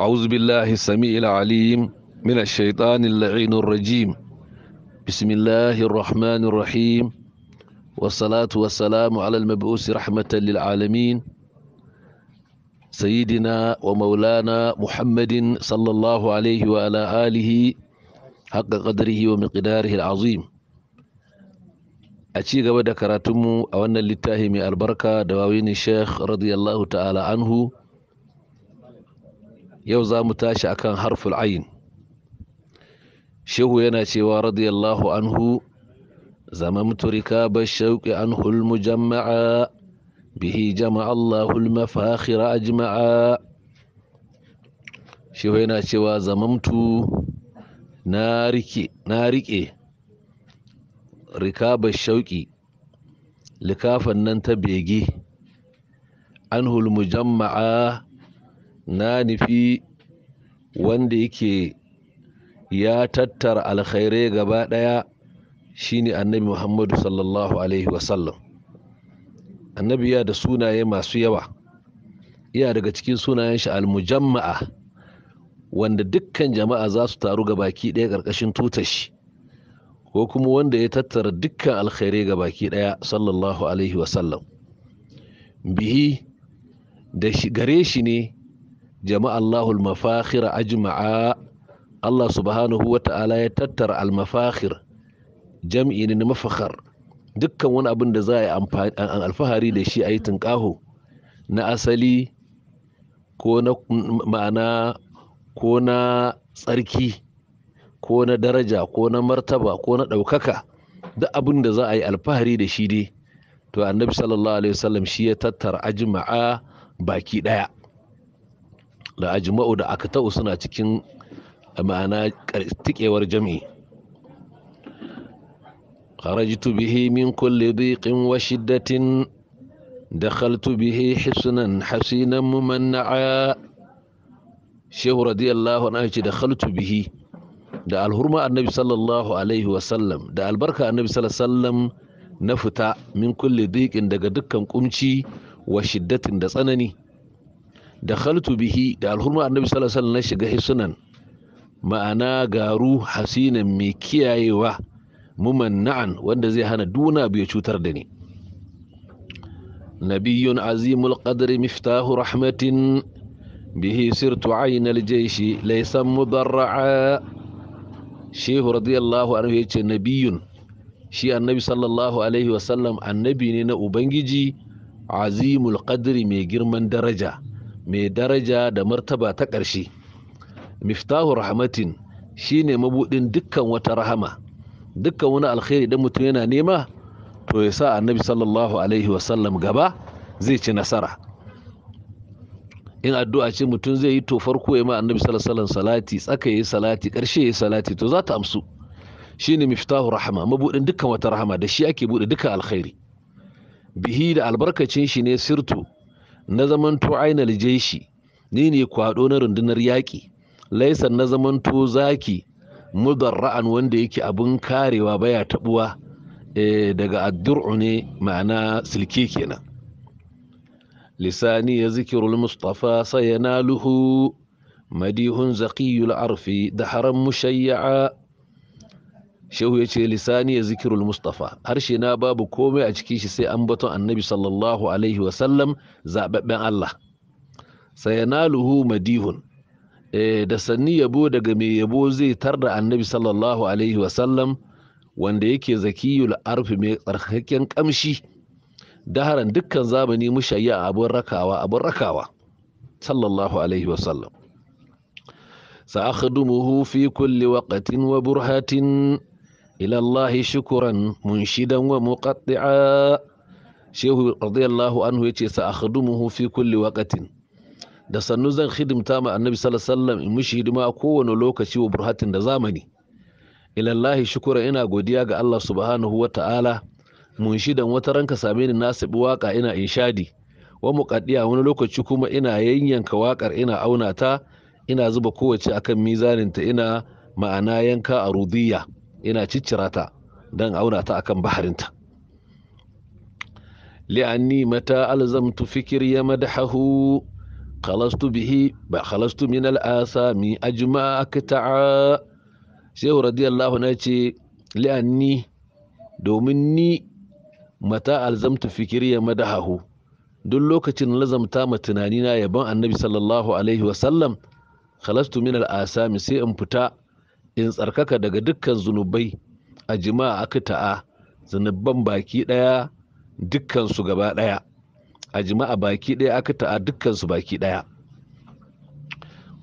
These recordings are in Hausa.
أعوذ بالله السميع العليم من الشيطان اللعين الرجيم بسم الله الرحمن الرحيم والصلاة والسلام على المبعوث رحمة للعالمين سيدنا ومولانا محمد صلى الله عليه وعلى آله حق قدره ومقداره العظيم a ci gaba أن karatunmu البركة دواوين الشيخ رضي الله تعالى عنه yau za mu tashi akan harful ayin shehu yana cewa radiyallahu anhu zama muturika bashauki anhul mujamma'a bihi jama'a allahul mafakhira jama'a. shehu yana cewa zamamtu na rike rikabar shauƙi likafan nan ta bege an hulmu jama'a na nufi wanda yake ya tattara alkhairai gaba ɗaya shine annabi muhammadu sallallahu alaihi wasallam annabi ya da sunaye masu yawa iya daga cikin sunayen shi almujamma'a wanda dukkan jama'a za su taru ga baki ɗaya ƙarƙashin tutashi, ko kuma wanda ya tattara dukkan alkhairai ga baki ɗaya sallallahu alaihi wasallam bihi da gare shi ne jama'allahu al-mafakhir ajma'a Allah subhanahu wa ta'ala ya tattara al-mafakhir jam'i ne na mafakhar dukkan wani abin da za a yi alfahari da shi a yi tunƙaho na asali ko na ma'ana ko na tsarki ko na daraja ko na martaba ko na ɗaukaka duk abin da za a yi alfahari da shi dai to annabi sallallahu alaihi wasallam shi ya tattara ajma'a baki ɗaya da ajma'u da aka ta'u suna cikin ma'ana tikewar jami'i bihi min kulli كل wa shiddatin dakhaltu bihi hisnan hasinan mumanna'a shehu radiyallahu anhu عنه dakhaltu bihi da alhurma annabi sallallahu alaihi wa sallam da albarka annabi sallallahu alaihi sallam na fita min kulle diƙin daga dukkan kumci wa shiddatin da tsanani da khaltu bihi da alhurma annabi sallallahu alaihi na shiga hisunan ma'ana garu hasinan mai kiyayewa mumanna'an wanda zai hana duna biyu cutar da ni nabiyyun azimul qadri miftahu rahmatin bihi sirtu ainal jaishi laysa mudarra'a shehu radiyallahu anhu yace nabiyyun shi annabi sallallahu alaihi wasallam annabi ne na ubangiji azimul qadri mai girman daraja mai daraja da martaba ta ƙarshe miftahu rahmatin shine mabudin dukkan wata rahama dukkan wani alkhairi da mutum yana nema to ya sa annabi sallallahu alaihi wasallam gaba zai ci nasara in addu'a ce mutum zai yi to farko ya ma annabi sallallahu salati tsaka yayi salati karshe yayi salati to za ta amsu shine miftahu rahama mabudin dukkan wata rahama da shi ake bude dukkan alkhairi bihi da albarkacin shi ne sirtu na zamanto ainal jeshi ni ne kwado na rundunar yaƙi laisan na zamanto zaki mudar ra'an wanda yake abin karewa baya tabuwa eh, daga addur'u ne ma'ana silke kenan lisani ya zikirul mustafa naluhu madihun zaqiyul arfi da haram mushayya'a shehu ya ce lisani ya zikirul mustafa harshe na babu komai a cikin shi sai an baton annabi sallallahu alaihi wasallam zaɓaɓɓen allah naluhu madihun eh, da sanni yabo daga mai yabo zai tarda annabi sallallahu alaihi wasallam wanda yake zakiyul arfi mai tsarkaken kamshi daharan dukkan zamani mushayya abun rakawa abun rakawa sallallahu alaihi wasallam sa'akhdumuhu fi kulli waqtin wa burhatin ila Allah shukuran munshidan wa muqatti'a shehu radiyallahu anhu yace sa akhdumuhu fi kulli da sannu zan hidimta ma annabi sallallahu alaihi wasallam in mushi hidima a kowane lokaci wa burhatin da zamani ilallahi shukura ina godiya ga Allah subhanahu wa ta'ala mun shidan wata ranka same ni na waka ina inshadi wa muqaddiya wani lokaci kuma ina yanyanka wakar ina auna ta ina zuba kowace akan mizaninta ina ma'ana yanka a rudiya ina ciccira ta don auna ta akan baharinta li'anni mata alzamtu fikir ya madahahu khalastu bihi ba khalastu min al'asa al'asami ajma akta'a shehu radiyallahu na ce li'anni domin ni mata alzamtu fikir ya madahahu duk lokacin lazamta ma tunanina yabon annabi sallallahu alaihi wasallam khalastu min al'asami sai in fita in tsarkaka daga dukkan zunubai a jima'a aka ta'a zunuban baki ɗaya dukkansu gaba ɗaya a jima'a baki ɗaya aka ta'a dukkansu baki ɗaya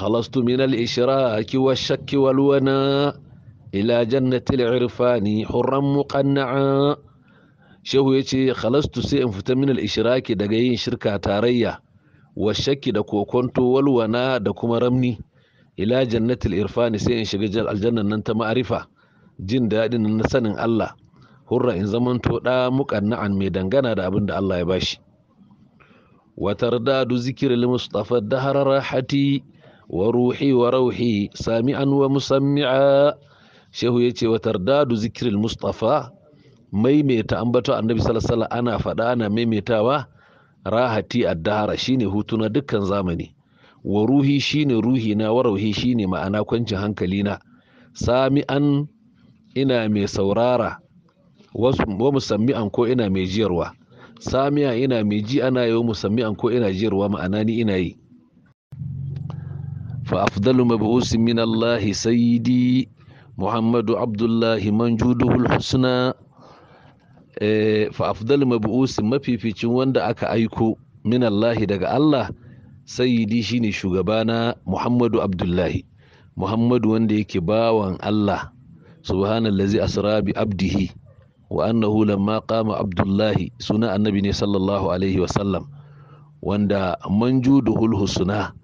shakki من الإشراك والشك والوناء إلى جنة العرفان حرا مقنعا shehu ya ce khalastu sai in fita minal ishiraki daga yin shirka tarayya wa shakki da kokonto walwana da kuma ramni ila jannatil irfani sai in shiga aljannan nan ta ma'arifa jin daɗin na sanin Allah hurra in zamanto ɗa muƙanna'an mai dangana da abin da Allah ya bashi watar dadu du zikir li mustafa dahara rahati wa ruhi wa rauhi sami'an wa musammi'a shehu yace watar dadu du zikir mustafa maimaita ambato annabi sallallahu alaihi ana faɗa ana maimaitawa rahati addahara shine hutuna na dukkan zamani wa ruhi shine ruhi na wa rauhi shine ma'ana kwancin hankali na sami'an ina mai saurara wa musammi'an ko ina mai jiyarwa an ina mai ji ana yi wa musammi'an ko ina jiyarwa ma'ana ni ina yi fa afdalu mabu'usi min Allah sayyidi Muhammadu Abdullahi manjuduhul husna eh, fa afdalu mabu'usi mafificin wanda aka aiko min Allah daga Allah sayyidi shine shugabana muhammadu abdullahi muhammadu wanda yake bawan allah subhanallazi asra bi abdihi wa annahu lamma qama abdullahi suna annabi ne sallallahu alaihi sallam wanda manjuduhul husna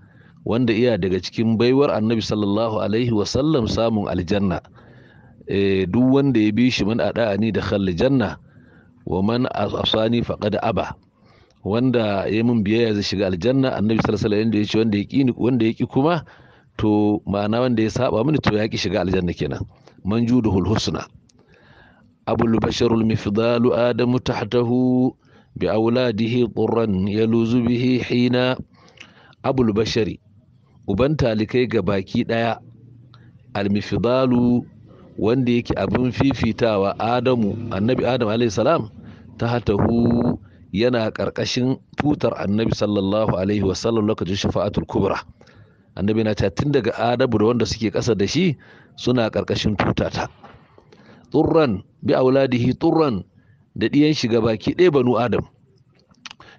wanda iya daga cikin baiwar annabi sallallahu alaihi sallam samun aljanna e, duk wanda ya bi shi man da'ani da khalli janna wa man asani faqad aba wanda ya mun biyayya zai shiga aljanna annabi sallallahu alaihi wasallam wanda ya ci, wanda ya ki kuma to ma'ana wanda ya saba mini to ya ki shiga aljanna kenan manjuduhul husna abul basharul mifdalu adamu tahtahu bi auladihi qurran yaluzu bihi hina abul bashari uban talikai ga baki daya almifdalu wanda yake abin fifitawa adamu annabi adam alaihi salam tahtahu yana ƙarƙashin tutar annabi sallallahu alaihi wasallam lokacin shafa'atul kubra annabi na ta tun daga adabu da wanda suke ƙasa da shi suna ƙarƙashin tutata turran bi auladihi turran da ɗiyan shiga baki ɗaya banu adam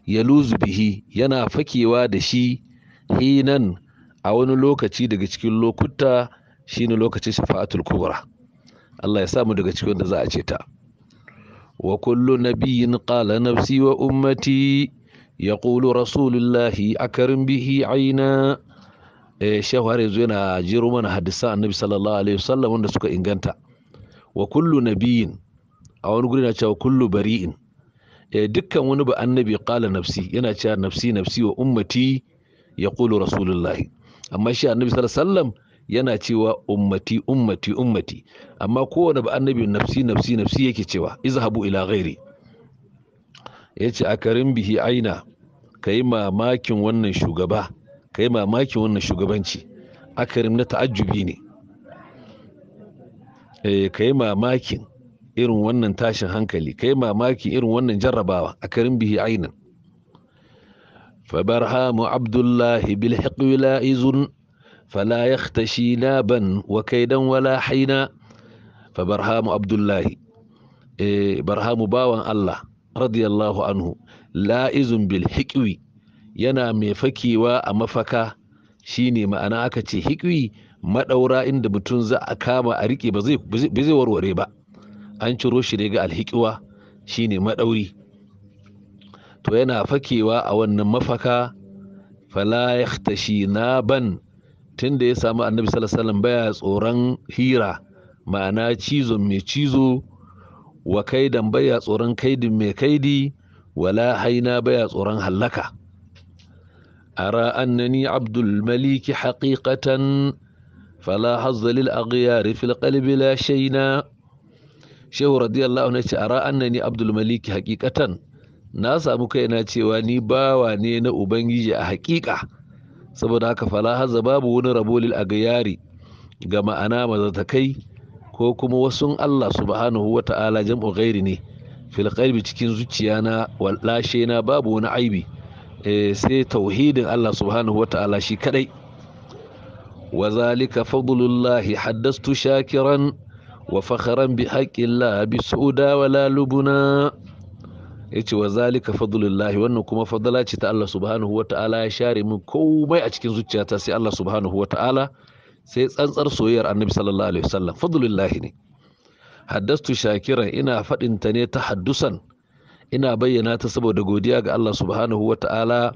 ya luzu bihi yana fakewa da shi hinan a wani lokaci daga cikin lokuta shine lokacin shafa'atul kubra Allah ya samu daga cikin da za a ce ta وكل نبي قال نفسي وأمتي يقول رسول الله أكرم به عينا إيه، شيخ هاريزوين جيرومان حدثة النبي صلى الله عليه وسلم ونسوك إنغانتا وكل نبي أو نقولنا وكل بريء إيه، دكا ونبا النبي قال نفسي ينا نفسي نفسي وأمتي يقول رسول الله أما شيخ النبي صلى الله عليه وسلم yana cewa ummati ummati ummati amma kowane ba annabi nafsi nafsi nafsi yake cewa izhabu ila ghairi yace akarin bihi aina kai mamakin wannan shugaba kai mamakin wannan shugabanci akarim na ta'ajjubi ne eh kai mamakin irin wannan tashin hankali kai mamakin irin wannan jarrabawa akarin bihi ainan فبرهام عبد Abdullahi بالحق لا إذن فلا يختشي نابا وكيدا ولا حينا فبرهام عبد الله برهام باوان الله رضي الله عنه لائز بالحكوي yana mai fakewa a mafaka shine ma'ana aka ce hikwi madaura inda mutum za a kama a rike ba zai warware ba an ciro shi daga alhikiwa shine madauri to yana fakewa a wannan mafaka fala yahtashi naban tun da ya samu annabi sallallahu baya tsoron hira ma'ana cizo mai cizo wa kaidan baya tsoron kaidin mai kaidi wala haina baya tsoron hallaka ara annani abdul maliki haqiqatan fala hazza lil aghyari fil qalbi la shayna shehu radiyallahu anhu ce ara annani abdul maliki haqiqatan na samu kaina cewa ni bawa ne na ubangiji a haƙiƙa saboda haka fala haza babu wani rabo lil agyari ga ma'ana mazatakai ko kuma wasun Allah subhanahu wa ta'ala jam'u ghairi ne fil qalbi cikin zuciya na wallashe na babu wani aibi eh, sai tauhidin Allah subhanahu wa ta'ala shi kadai wa zalika fadlullahi haddastu shakiran wa fakhran bi haqqi Allah bi su'uda wa lubuna ya ce wa zalika fadlullahi wannan kuma fadala ce ta Allah subhanahu wa ta'ala ya share min komai a cikin zuciyata sai Allah subhanahu wa ta'ala sai tsantsar soyayyar annabi sallallahu alaihi wasallam fadlullahi ne haddastu shakiran ina faɗin ta ne ta haddusan ina bayyana ta saboda godiya ga Allah subhanahu wa ta'ala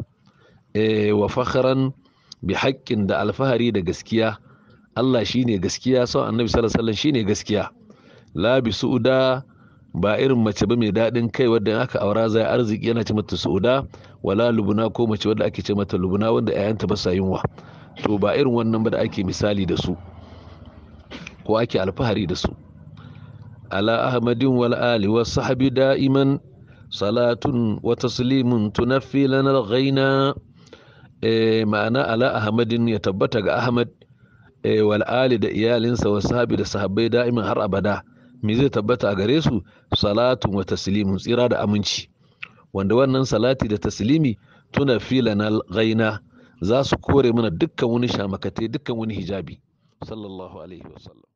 eh, wa fakharan bi haƙƙin da alfahari da gaskiya Allah shine gaskiya son annabi sallallahu alaihi wasallam shine gaskiya la bi su'uda ba irin mace ba mai daɗin kai wadda aka aura zai arziki yana ce mata sauda wala lubuna ko mace wadda ake ce mata lubuna wanda 'ya'yanta ba sa yunwa to ba irin wannan ba da ake misali da su ko ake alfahari da su ala ahmadin wal ali wa sahabi da'iman salatun wa taslimun tunaffi lana ghaina eh, ma'ana ala ahmadin ya tabbata ga ahmad eh, wal ali da iyalinsa wa sahabi da sahabbai da'iman har abada me zai tabbata a gare su salatun wa taslimun tsira da aminci wanda wannan salati da taslimi tuna filana gaina za su kore mana dukkan wani shamakatai dukkan wani hijabi sallallahu alaihi wasallam